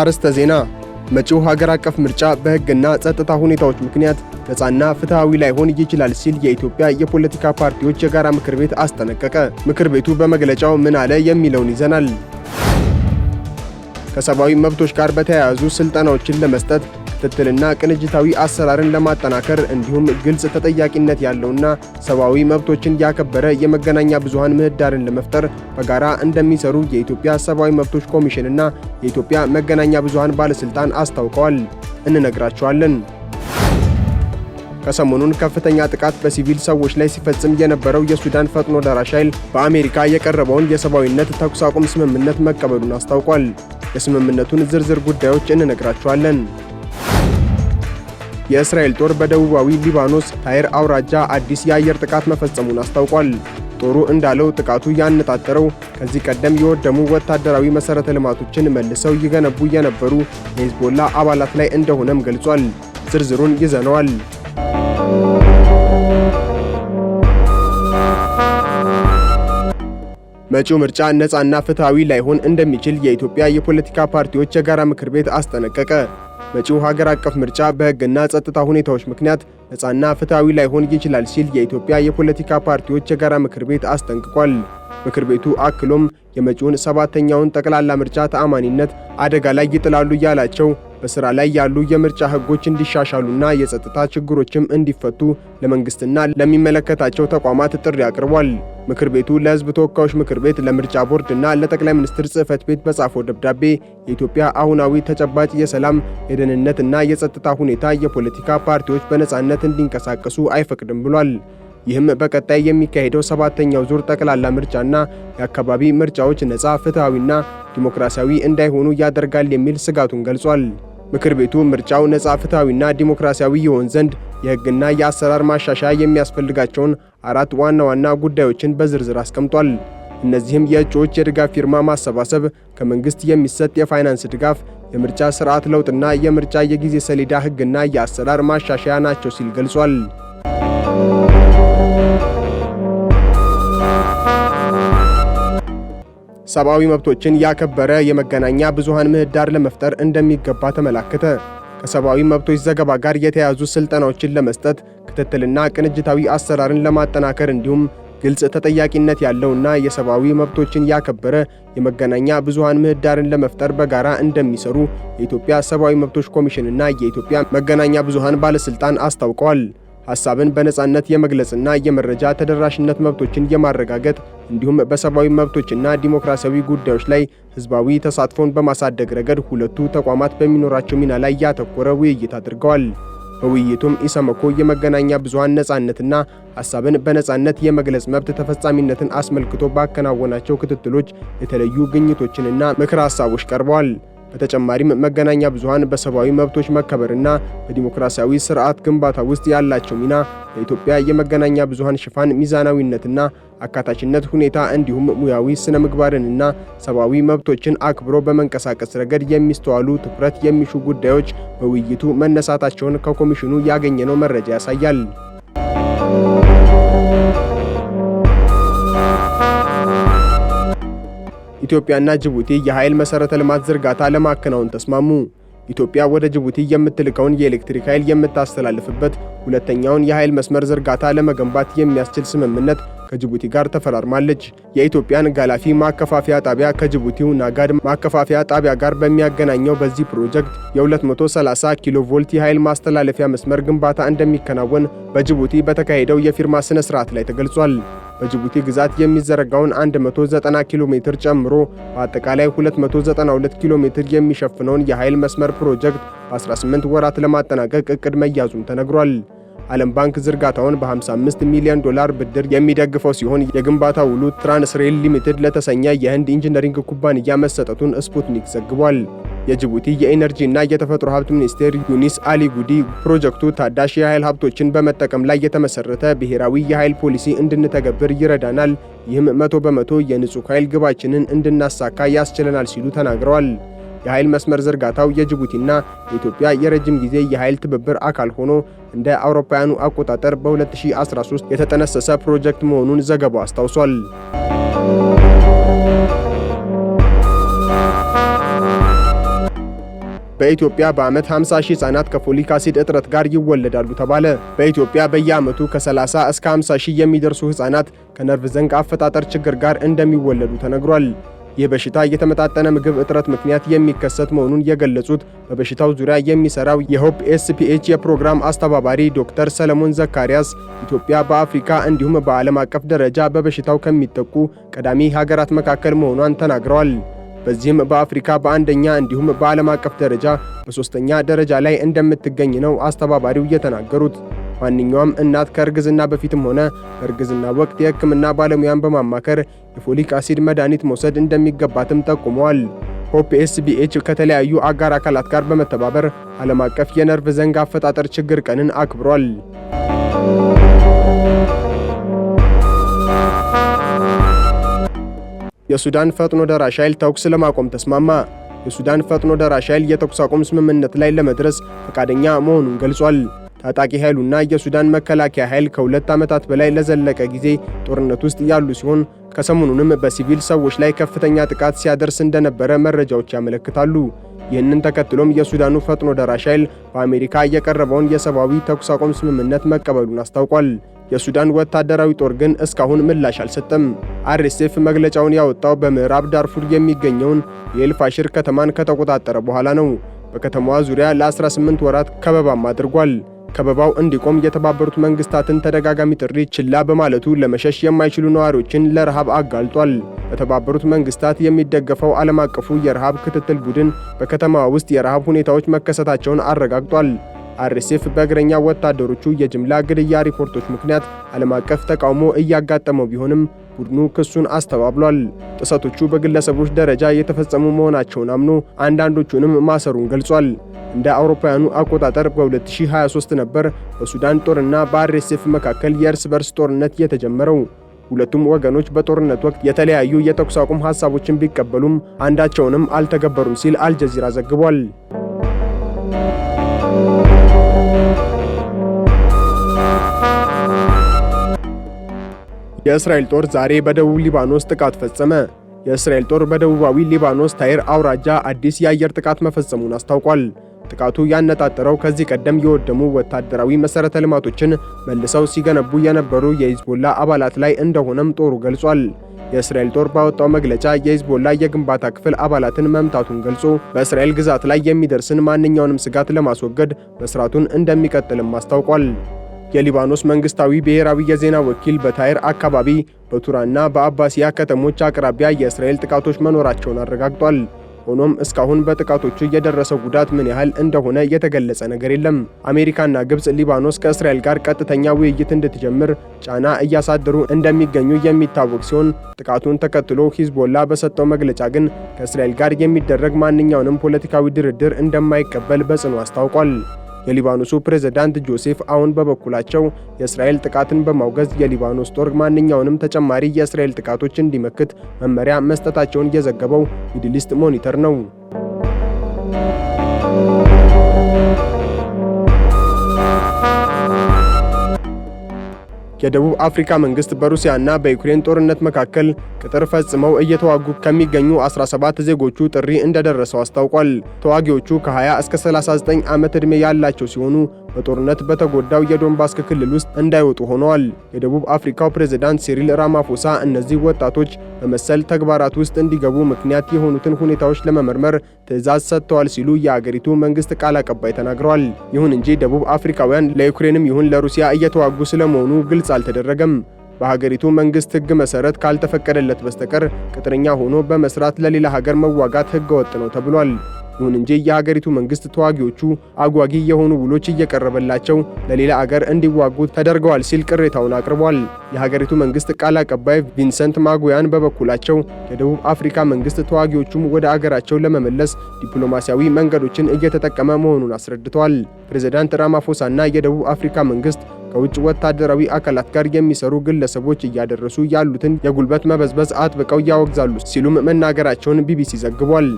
አርዕስተ ዜና። መጪው ሀገር አቀፍ ምርጫ በሕግና ጸጥታ ሁኔታዎች ምክንያት ነፃና ፍትሐዊ ላይሆን ይችላል ሲል የኢትዮጵያ የፖለቲካ ፓርቲዎች የጋራ ምክር ቤት አስጠነቀቀ። ምክር ቤቱ በመግለጫው ምን አለ የሚለውን ይዘናል። ከሰብአዊ መብቶች ጋር በተያያዙ ስልጠናዎችን ለመስጠት ክትትልና ቅንጅታዊ አሰራርን ለማጠናከር እንዲሁም ግልጽ ተጠያቂነት ያለውና ሰብአዊ መብቶችን ያከበረ የመገናኛ ብዙሃን ምህዳርን ለመፍጠር በጋራ እንደሚሰሩ የኢትዮጵያ ሰብአዊ መብቶች ኮሚሽንና የኢትዮጵያ መገናኛ ብዙሃን ባለስልጣን አስታውቀዋል። እንነግራቸዋለን። ከሰሞኑን ከፍተኛ ጥቃት በሲቪል ሰዎች ላይ ሲፈጽም የነበረው የሱዳን ፈጥኖ ደራሽ ኃይል በአሜሪካ የቀረበውን የሰብአዊነት ተኩስ አቁም ስምምነት መቀበሉን አስታውቋል። የስምምነቱን ዝርዝር ጉዳዮች እንነግራችኋለን። የእስራኤል ጦር በደቡባዊ ሊባኖስ ታይር አውራጃ አዲስ የአየር ጥቃት መፈጸሙን አስታውቋል። ጦሩ እንዳለው ጥቃቱ ያነጣጠረው ከዚህ ቀደም የወደሙ ወታደራዊ መሠረተ ልማቶችን መልሰው ይገነቡ የነበሩ የሂዝቦላ አባላት ላይ እንደሆነም ገልጿል። ዝርዝሩን ይዘነዋል። መጪው ምርጫ ነፃና ፍትሐዊ ላይሆን እንደሚችል የኢትዮጵያ የፖለቲካ ፓርቲዎች የጋራ ምክር ቤት አስጠነቀቀ። መጪው ሀገር አቀፍ ምርጫ በሕግና ጸጥታ ሁኔታዎች ምክንያት ነፃና ፍትሐዊ ላይሆን ይችላል ሲል የኢትዮጵያ የፖለቲካ ፓርቲዎች የጋራ ምክር ቤት አስጠንቅቋል። ምክር ቤቱ አክሎም የመጪውን ሰባተኛውን ጠቅላላ ምርጫ ተአማኒነት አደጋ ላይ ይጥላሉ ያላቸው በስራ ላይ ያሉ የምርጫ ህጎች እንዲሻሻሉና የጸጥታ ችግሮችም እንዲፈቱ ለመንግስትና ለሚመለከታቸው ተቋማት ጥሪ አቅርቧል። ምክር ቤቱ ለህዝብ ተወካዮች ምክር ቤት፣ ለምርጫ ቦርድ እና ለጠቅላይ ሚኒስትር ጽህፈት ቤት በጻፈው ደብዳቤ የኢትዮጵያ አሁናዊ ተጨባጭ የሰላም የደህንነት እና የጸጥታ ሁኔታ የፖለቲካ ፓርቲዎች በነጻነት እንዲንቀሳቀሱ አይፈቅድም ብሏል። ይህም በቀጣይ የሚካሄደው ሰባተኛው ዙር ጠቅላላ ምርጫና የአካባቢ ምርጫዎች ነጻ፣ ፍትሐዊና ዲሞክራሲያዊ እንዳይሆኑ ያደርጋል የሚል ስጋቱን ገልጿል። ምክር ቤቱ ምርጫው ነጻ ፍትሐዊና ዲሞክራሲያዊ ይሆን ዘንድ የሕግና የአሰራር ማሻሻያ የሚያስፈልጋቸውን አራት ዋና ዋና ጉዳዮችን በዝርዝር አስቀምጧል። እነዚህም የእጩዎች የድጋፍ ፊርማ ማሰባሰብ፣ ከመንግስት የሚሰጥ የፋይናንስ ድጋፍ፣ የምርጫ ስርዓት ለውጥና የምርጫ የጊዜ ሰሌዳ ሕግና የአሰራር ማሻሻያ ናቸው ሲል ገልጿል። ሰብአዊ መብቶችን ያከበረ የመገናኛ ብዙሃን ምህዳር ለመፍጠር እንደሚገባ ተመላከተ። ከሰብአዊ መብቶች ዘገባ ጋር የተያያዙ ስልጠናዎችን ለመስጠት ክትትልና ቅንጅታዊ አሰራርን ለማጠናከር እንዲሁም ግልጽ ተጠያቂነት ያለውና የሰብአዊ መብቶችን ያከበረ የመገናኛ ብዙሃን ምህዳርን ለመፍጠር በጋራ እንደሚሰሩ የኢትዮጵያ ሰብአዊ መብቶች ኮሚሽንና የኢትዮጵያ መገናኛ ብዙሃን ባለስልጣን አስታውቀዋል። ሀሳብን በነጻነት የመግለጽና የመረጃ ተደራሽነት መብቶችን የማረጋገጥ እንዲሁም በሰብአዊ መብቶችና ዲሞክራሲያዊ ጉዳዮች ላይ ህዝባዊ ተሳትፎን በማሳደግ ረገድ ሁለቱ ተቋማት በሚኖራቸው ሚና ላይ ያተኮረ ውይይት አድርገዋል። በውይይቱም ኢሰመኮ የመገናኛ ብዙሃን ነጻነትና ሀሳብን በነጻነት የመግለጽ መብት ተፈጻሚነትን አስመልክቶ ባከናወናቸው ክትትሎች የተለዩ ግኝቶችንና ምክር ሀሳቦች ቀርበዋል። በተጨማሪም መገናኛ ብዙሃን በሰብአዊ መብቶች መከበርና በዲሞክራሲያዊ ስርዓት ግንባታ ውስጥ ያላቸው ሚና ለኢትዮጵያ የመገናኛ ብዙሃን ሽፋን ሚዛናዊነትና አካታችነት ሁኔታ እንዲሁም ሙያዊ ስነ ምግባርንና ሰብአዊ መብቶችን አክብሮ በመንቀሳቀስ ረገድ የሚስተዋሉ ትኩረት የሚሹ ጉዳዮች በውይይቱ መነሳታቸውን ከኮሚሽኑ ያገኘነው መረጃ ያሳያል። ኢትዮጵያና ጅቡቲ የኃይል መሰረተ ልማት ዝርጋታ ለማከናወን ተስማሙ። ኢትዮጵያ ወደ ጅቡቲ የምትልከውን የኤሌክትሪክ ኃይል የምታስተላልፍበት ሁለተኛውን የኃይል መስመር ዝርጋታ ለመገንባት የሚያስችል ስምምነት ከጅቡቲ ጋር ተፈራርማለች። የኢትዮጵያን ጋላፊ ማከፋፈያ ጣቢያ ከጅቡቲው ናጋድ ማከፋፈያ ጣቢያ ጋር በሚያገናኘው በዚህ ፕሮጀክት የ230 ኪሎ ቮልት የኃይል ማስተላለፊያ መስመር ግንባታ እንደሚከናወን በጅቡቲ በተካሄደው የፊርማ ሥነ ሥርዓት ላይ ተገልጿል። በጅቡቲ ግዛት የሚዘረጋውን 190 ኪሎ ሜትር ጨምሮ በአጠቃላይ 292 ኪሎ ሜትር የሚሸፍነውን የኃይል መስመር ፕሮጀክት በ18 ወራት ለማጠናቀቅ እቅድ መያዙም ተነግሯል። ዓለም ባንክ ዝርጋታውን በ55 ሚሊዮን ዶላር ብድር የሚደግፈው ሲሆን የግንባታ ውሉ ትራንስሬል ሊሚትድ ለተሰኘ የህንድ ኢንጂነሪንግ ኩባንያ መሰጠቱን ስፑትኒክ ዘግቧል። የጅቡቲ የኤነርጂ እና የተፈጥሮ ሀብት ሚኒስቴር ዩኒስ አሊ ጉዲ ፕሮጀክቱ ታዳሽ የኃይል ሀብቶችን በመጠቀም ላይ የተመሰረተ ብሔራዊ የኃይል ፖሊሲ እንድንተገብር ይረዳናል፣ ይህም መቶ በመቶ የንጹህ ኃይል ግባችንን እንድናሳካ ያስችለናል ሲሉ ተናግረዋል። የኃይል መስመር ዝርጋታው የጅቡቲና የኢትዮጵያ የረጅም ጊዜ የኃይል ትብብር አካል ሆኖ እንደ አውሮፓውያኑ አቆጣጠር በ2013 የተጠነሰሰ ፕሮጀክት መሆኑን ዘገባው አስታውሷል። በኢትዮጵያ በዓመት 50 ሺህ ህጻናት ከፎሊክ አሲድ እጥረት ጋር ይወለዳሉ ተባለ። በኢትዮጵያ በየዓመቱ ከ30 እስከ 50 ሺህ የሚደርሱ ህጻናት ከነርቭ ዘንግ አፈጣጠር ችግር ጋር እንደሚወለዱ ተነግሯል። ይህ በሽታ የተመጣጠነ ምግብ እጥረት ምክንያት የሚከሰት መሆኑን የገለጹት በበሽታው ዙሪያ የሚሰራው የሆፕ ኤስፒኤች የፕሮግራም አስተባባሪ ዶክተር ሰለሞን ዘካሪያስ ኢትዮጵያ በአፍሪካ እንዲሁም በዓለም አቀፍ ደረጃ በበሽታው ከሚጠቁ ቀዳሚ ሀገራት መካከል መሆኗን ተናግረዋል። በዚህም በአፍሪካ በአንደኛ እንዲሁም በዓለም አቀፍ ደረጃ በሶስተኛ ደረጃ ላይ እንደምትገኝ ነው አስተባባሪው የተናገሩት። ማንኛውም እናት ከእርግዝና በፊትም ሆነ በእርግዝና ወቅት የሕክምና ባለሙያን በማማከር የፎሊክ አሲድ መድኃኒት መውሰድ እንደሚገባትም ጠቁመዋል። ሆፕ ኤስቢኤች ከተለያዩ አጋር አካላት ጋር በመተባበር ዓለም አቀፍ የነርቭ ዘንግ አፈጣጠር ችግር ቀንን አክብሯል። የሱዳን ፈጥኖ ደራሽ ኃይል ተኩስ ለማቆም ተስማማ። የሱዳን ፈጥኖ ደራሽ ኃይል የተኩስ አቁም ስምምነት ላይ ለመድረስ ፈቃደኛ መሆኑን ገልጿል። ታጣቂ ኃይሉና የሱዳን መከላከያ ኃይል ከሁለት ዓመታት በላይ ለዘለቀ ጊዜ ጦርነት ውስጥ ያሉ ሲሆን ከሰሞኑንም በሲቪል ሰዎች ላይ ከፍተኛ ጥቃት ሲያደርስ እንደነበረ መረጃዎች ያመለክታሉ። ይህንን ተከትሎም የሱዳኑ ፈጥኖ ደራሽ ኃይል በአሜሪካ የቀረበውን የሰብአዊ ተኩስ አቁም ስምምነት መቀበሉን አስታውቋል። የሱዳን ወታደራዊ ጦር ግን እስካሁን ምላሽ አልሰጠም። አርኤስኤፍ መግለጫውን ያወጣው በምዕራብ ዳርፉር የሚገኘውን የኤልፋሽር ከተማን ከተቆጣጠረ በኋላ ነው። በከተማዋ ዙሪያ ለ18 ወራት ከበባም አድርጓል። ከበባው እንዲቆም የተባበሩት መንግስታትን ተደጋጋሚ ጥሪ ችላ በማለቱ ለመሸሽ የማይችሉ ነዋሪዎችን ለረሃብ አጋልጧል። በተባበሩት መንግስታት የሚደገፈው ዓለም አቀፉ የረሃብ ክትትል ቡድን በከተማዋ ውስጥ የረሃብ ሁኔታዎች መከሰታቸውን አረጋግጧል። አርሴፍ በእግረኛ ወታደሮቹ የጅምላ ግድያ ሪፖርቶች ምክንያት ዓለም አቀፍ ተቃውሞ እያጋጠመው ቢሆንም ቡድኑ ክሱን አስተባብሏል። ጥሰቶቹ በግለሰቦች ደረጃ የተፈጸሙ መሆናቸውን አምኖ አንዳንዶቹንም ማሰሩን ገልጿል። እንደ አውሮፓውያኑ አቆጣጠር በ2023 ነበር በሱዳን ጦርና በአርኤስኤፍ መካከል የእርስ በርስ ጦርነት የተጀመረው። ሁለቱም ወገኖች በጦርነት ወቅት የተለያዩ የተኩስ አቁም ሐሳቦችን ቢቀበሉም አንዳቸውንም አልተገበሩም ሲል አልጀዚራ ዘግቧል። የእስራኤል ጦር ዛሬ በደቡብ ሊባኖስ ጥቃት ፈጸመ። የእስራኤል ጦር በደቡባዊ ሊባኖስ ታይር አውራጃ አዲስ የአየር ጥቃት መፈጸሙን አስታውቋል። ጥቃቱ ያነጣጠረው ከዚህ ቀደም የወደሙ ወታደራዊ መሠረተ ልማቶችን መልሰው ሲገነቡ የነበሩ የሂዝቦላ አባላት ላይ እንደሆነም ጦሩ ገልጿል። የእስራኤል ጦር ባወጣው መግለጫ የሂዝቦላ የግንባታ ክፍል አባላትን መምታቱን ገልጾ በእስራኤል ግዛት ላይ የሚደርስን ማንኛውንም ስጋት ለማስወገድ መስራቱን እንደሚቀጥልም አስታውቋል። የሊባኖስ መንግስታዊ ብሔራዊ የዜና ወኪል በታይር አካባቢ በቱራና በአባሲያ ከተሞች አቅራቢያ የእስራኤል ጥቃቶች መኖራቸውን አረጋግጧል። ሆኖም እስካሁን በጥቃቶቹ የደረሰው ጉዳት ምን ያህል እንደሆነ የተገለጸ ነገር የለም። አሜሪካና ግብፅ ሊባኖስ ከእስራኤል ጋር ቀጥተኛ ውይይት እንድትጀምር ጫና እያሳደሩ እንደሚገኙ የሚታወቅ ሲሆን ጥቃቱን ተከትሎ ሂዝቦላ በሰጠው መግለጫ ግን ከእስራኤል ጋር የሚደረግ ማንኛውንም ፖለቲካዊ ድርድር እንደማይቀበል በጽኑ አስታውቋል። የሊባኖሱ ፕሬዝዳንት ጆሴፍ አውን በበኩላቸው የእስራኤል ጥቃትን በማውገዝ የሊባኖስ ጦር ማንኛውንም ተጨማሪ የእስራኤል ጥቃቶች እንዲመክት መመሪያ መስጠታቸውን የዘገበው ሚድል ኢስት ሞኒተር ነው። የደቡብ አፍሪካ መንግስት በሩሲያና በዩክሬን ጦርነት መካከል ቅጥር ፈጽመው እየተዋጉ ከሚገኙ 17 ዜጎቹ ጥሪ እንደደረሰው አስታውቋል። ተዋጊዎቹ ከ20 እስከ 39 ዓመት ዕድሜ ያላቸው ሲሆኑ በጦርነት በተጎዳው የዶንባስክ ክልል ውስጥ እንዳይወጡ ሆነዋል። የደቡብ አፍሪካው ፕሬዝዳንት ሲሪል ራማፎሳ እነዚህ ወጣቶች በመሰል ተግባራት ውስጥ እንዲገቡ ምክንያት የሆኑትን ሁኔታዎች ለመመርመር ትዕዛዝ ሰጥተዋል ሲሉ የአገሪቱ መንግስት ቃል አቀባይ ተናግረዋል። ይሁን እንጂ ደቡብ አፍሪካውያን ለዩክሬንም ይሁን ለሩሲያ እየተዋጉ ስለመሆኑ ግልጽ አልተደረገም። በሀገሪቱ መንግስት ህግ መሰረት ካልተፈቀደለት በስተቀር ቅጥረኛ ሆኖ በመስራት ለሌላ ሀገር መዋጋት ህገወጥ ነው ተብሏል። ይሁን እንጂ የሀገሪቱ መንግስት ተዋጊዎቹ አጓጊ የሆኑ ውሎች እየቀረበላቸው ለሌላ አገር እንዲዋጉ ተደርገዋል ሲል ቅሬታውን አቅርቧል። የሀገሪቱ መንግስት ቃል አቀባይ ቪንሰንት ማጉያን በበኩላቸው የደቡብ አፍሪካ መንግስት ተዋጊዎቹም ወደ አገራቸው ለመመለስ ዲፕሎማሲያዊ መንገዶችን እየተጠቀመ መሆኑን አስረድተዋል። ፕሬዚዳንት ራማፎሳና የደቡብ አፍሪካ መንግስት ከውጭ ወታደራዊ አካላት ጋር የሚሰሩ ግለሰቦች እያደረሱ ያሉትን የጉልበት መበዝበዝ አጥብቀው ያወግዛሉ ሲሉም መናገራቸውን ቢቢሲ ዘግቧል።